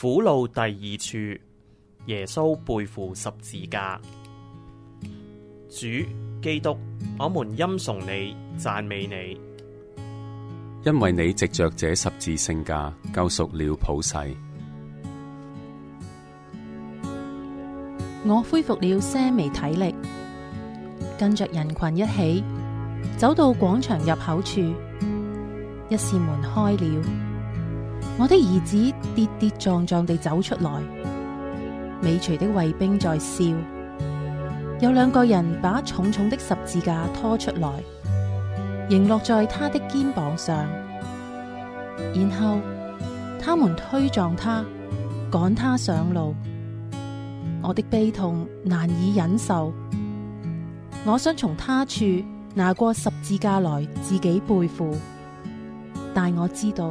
苦路第二處，耶穌背負十字架。主基督，我們欽崇你，讚美你，因為你藉着這十字聖架救贖了普世。我恢復了些微體力，跟着人群一起走到廣場入口處，一扇門開了。我的兒子跌跌撞撞地走出來，尾隨的衛兵在笑。有兩個人把重重的十字架拖出來，仍落在他的肩膀上，然後他們推撞他，趕他上路。我的悲痛難以忍受，我想從他處拿過十字架來自己背負，但我知道。